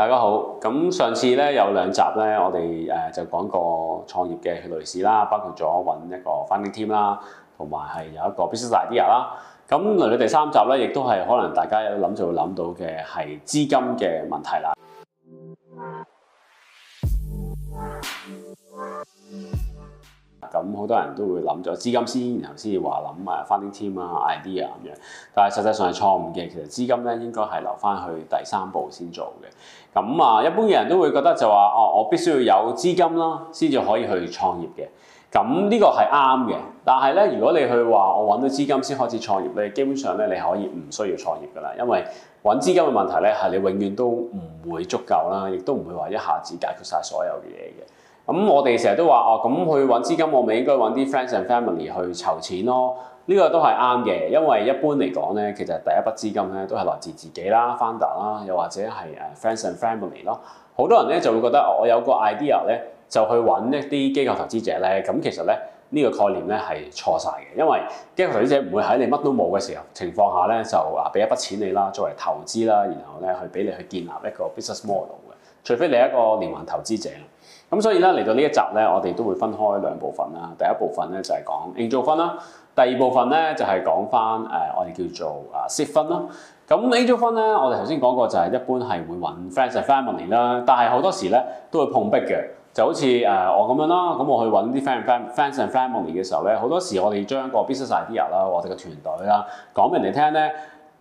大家好，咁上次咧有兩集咧，我哋誒就講過創業嘅類事啦，包括咗揾一個 founding team 啦，同埋係有一個 business idea 啦。咁嚟到第三集咧，亦都係可能大家有諗就會諗到嘅係資金嘅問題啦。咁好多人都會諗咗資金先，然後先至話諗返啲 team 啊，idea 咁樣。但係實際上係錯誤嘅。其實資金咧，應該係留翻去第三步先做嘅。咁啊，一般嘅人都會覺得就話哦，我必須要有資金啦，先至可以去創業嘅。咁呢個係啱嘅。但係咧，如果你去話我搵到資金先開始創業咧，基本上咧你可以唔需要創業噶啦。因為搵資金嘅問題咧，係你永遠都唔會足夠啦，亦都唔會話一下子解決晒所有嘅嘢嘅。咁我哋成日都話啊，咁去揾資金，我咪應該揾啲 friends and family 去籌錢咯？呢個都係啱嘅，因為一般嚟講咧，其實第一筆資金咧都係來自自己啦，founder 啦，誒又或者係 friends and family 咯。好多人咧就會覺得我有個 idea 咧，就去揾一啲機構投資者咧。咁其實咧呢個概念咧係錯曬嘅，因為機構投資者唔會喺你乜都冇嘅時候情況下咧就啊俾一筆錢你啦，作為投資啦，然後咧去俾你去建立一個 business model。除非你一個連環投資者啦，咁所以咧嚟到呢一集咧，我哋都會分開兩部分啦。第一部分咧就係講 Angel 風啦，第二部分咧就係講翻誒我哋叫做啊 Seed 風咯。咁 Angel 風咧，我哋頭先講過就係一般係會揾 friends and family 啦，但係好多時咧都會碰壁嘅。就好似誒我咁樣啦，咁我去揾啲 f r i e n d a n f r i e n d s and family 嘅時候咧，好多時我哋將個 business idea 啦，我哋嘅團隊啦，講俾人哋聽咧。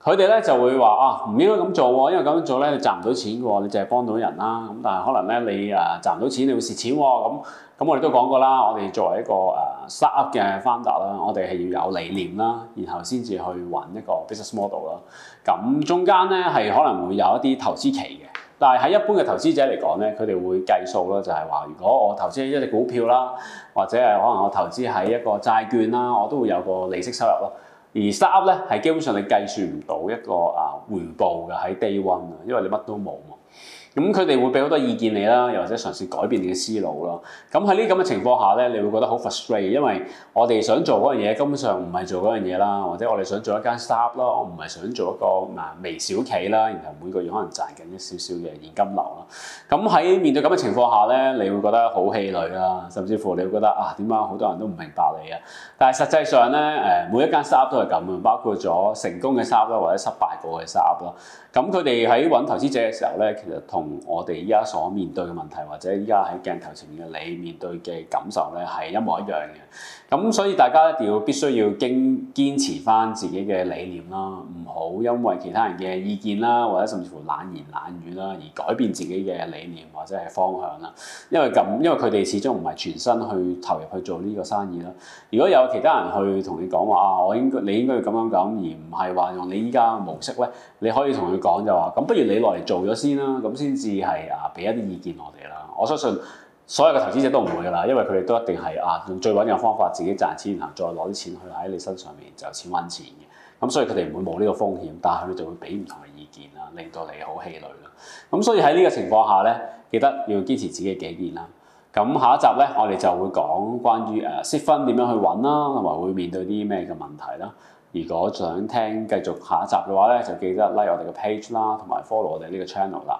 佢哋咧就會話啊，唔應該咁做喎，因為咁樣做咧，你賺唔到錢嘅喎，你淨係幫到人啦。咁但係可能咧，你誒賺唔到錢，你會蝕錢喎。咁咁我哋都講過啦，我哋作為一個誒 startup 嘅翻達啦，我哋係要有理念啦，然後先至去揾一個 business model 啦。咁中間咧係可能會有一啲投資期嘅，但係喺一般嘅投資者嚟講咧，佢哋會計數咯，就係話如果我投資一隻股票啦，或者係可能我投資喺一個債券啦，我都會有個利息收入咯。而三呢，係基本上你計算唔到一個啊回報嘅喺 day one 啊，因為你乜都冇。咁佢哋會俾好多意見你啦，又或者嘗試改變你嘅思路咯。咁喺呢咁嘅情況下咧，你會覺得好 frustrate，因為我哋想做嗰樣嘢根本上唔係做嗰樣嘢啦，或者我哋想做一間 startup 啦，我唔係想做一個微小企啦，然後每個月可能賺緊一少少嘅現金流啦。咁喺面對咁嘅情況下咧，你會覺得好氣餒啦，甚至乎你會覺得啊點解好多人都唔明白你啊。但係實際上咧誒，每一間 startup 都係咁嘅，包括咗成功嘅 startup 啦，或者失敗過嘅 startup 啦。咁佢哋喺揾投資者嘅時候咧，其實同我哋依家所面對嘅問題，或者依家喺鏡頭前面嘅你面對嘅感受咧，係一模一樣嘅。咁所以大家一定要必須要經堅持翻自己嘅理念啦，唔好因為其他人嘅意見啦，或者甚至乎冷言冷語啦，而改變自己嘅理念或者係方向啦。因為咁，因為佢哋始終唔係全身去投入去做呢個生意啦。如果有其他人去同你講話啊，我應該你應該要咁樣講，而唔係話用你依家模式咧，你可以同佢講就話，咁不如你落嚟做咗先啦，咁先。先至係啊，俾一啲意見我哋啦。我相信所有嘅投資者都唔會噶啦，因為佢哋都一定係啊用最穩嘅方法自己賺錢，然後再攞啲錢去喺你身上面就錢揾錢嘅。咁所以佢哋唔會冇呢個風險，但係佢哋就會俾唔同嘅意見啦，令到你好氣餒啦。咁所以喺呢個情況下咧，記得要堅持自己嘅意見啦。咁下一集咧，我哋就會講關於誒分點樣去揾啦，同埋會面對啲咩嘅問題啦。如果想聽繼續下一集嘅話咧，就記得拉、like、我哋嘅 page 啦，同埋 follow 我哋呢個 channel 啦。